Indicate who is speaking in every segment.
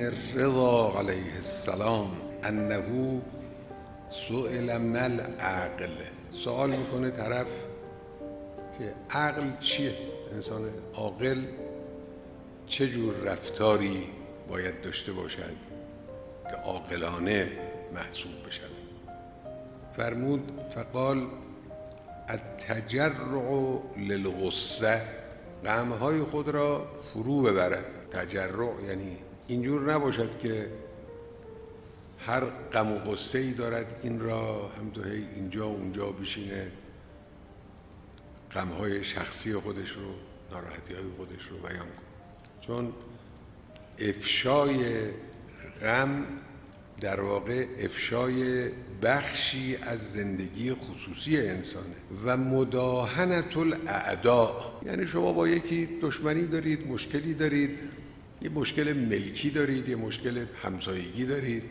Speaker 1: حسن الرضا علیه السلام انه سئل مل عقل سوال میکنه طرف که عقل چیه انسان عاقل چه جور رفتاری باید داشته باشد که عاقلانه محسوب بشه فرمود فقال التجرع للغصه غمهای خود را فرو ببرد تجرع یعنی اینجور نباشد که هر غم و غصه ای دارد این را هم تو اینجا و اونجا بشینه های شخصی خودش رو ناراحتی های خودش رو بیان کنه چون افشای غم در واقع افشای بخشی از زندگی خصوصی انسانه و مداهنت الاعداء یعنی شما با یکی دشمنی دارید مشکلی دارید یه مشکل ملکی دارید یه مشکل همسایگی دارید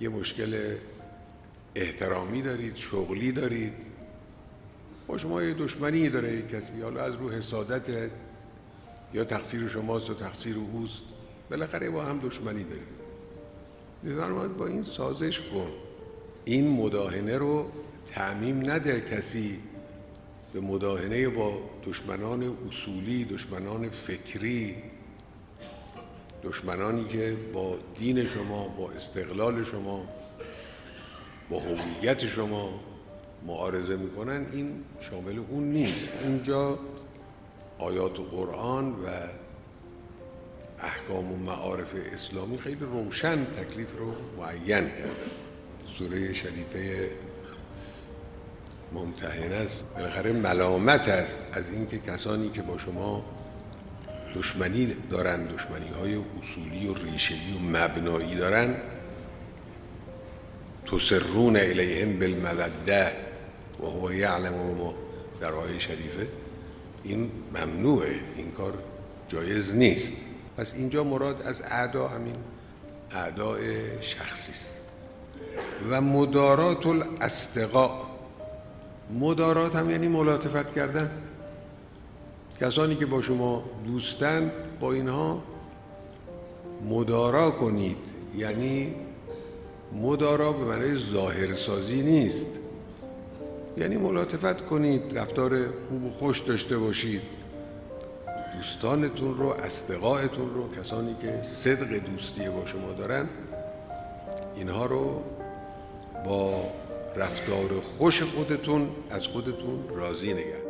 Speaker 1: یه مشکل احترامی دارید شغلی دارید با شما یه دشمنی داره کسی حالا از رو حسادت یا تقصیر شماست و تقصیر اوست بالاخره با هم دشمنی دارید میفرماید با این سازش کن این مداهنه رو تعمیم نده کسی به مداهنه با دشمنان اصولی دشمنان فکری دشمنانی که با دین شما با استقلال شما با هویت شما معارضه میکنن این شامل اون نیست اونجا آیات و قرآن و احکام و معارف اسلامی خیلی روشن تکلیف رو معین کرد سوره شریفه ممتحن است بالاخره ملامت است از اینکه کسانی که با شما دشمنی دارن دشمنی های اصولی و ریشهی و مبنایی دارن تسرون الیهم بالموده و هو یعلم ما در آیه شریفه این ممنوعه این کار جایز نیست پس اینجا مراد از اعدا همین اعداء شخصی است و مدارات الاستقاء مدارات هم یعنی ملاتفت کردن کسانی که با شما دوستن با اینها مدارا کنید یعنی مدارا به معنای ظاهرسازی نیست یعنی ملاتفت کنید رفتار خوب و خوش داشته باشید دوستانتون رو اصدقائتون رو کسانی که صدق دوستی با شما دارن اینها رو با رفتار خوش خودتون از خودتون راضی نگرد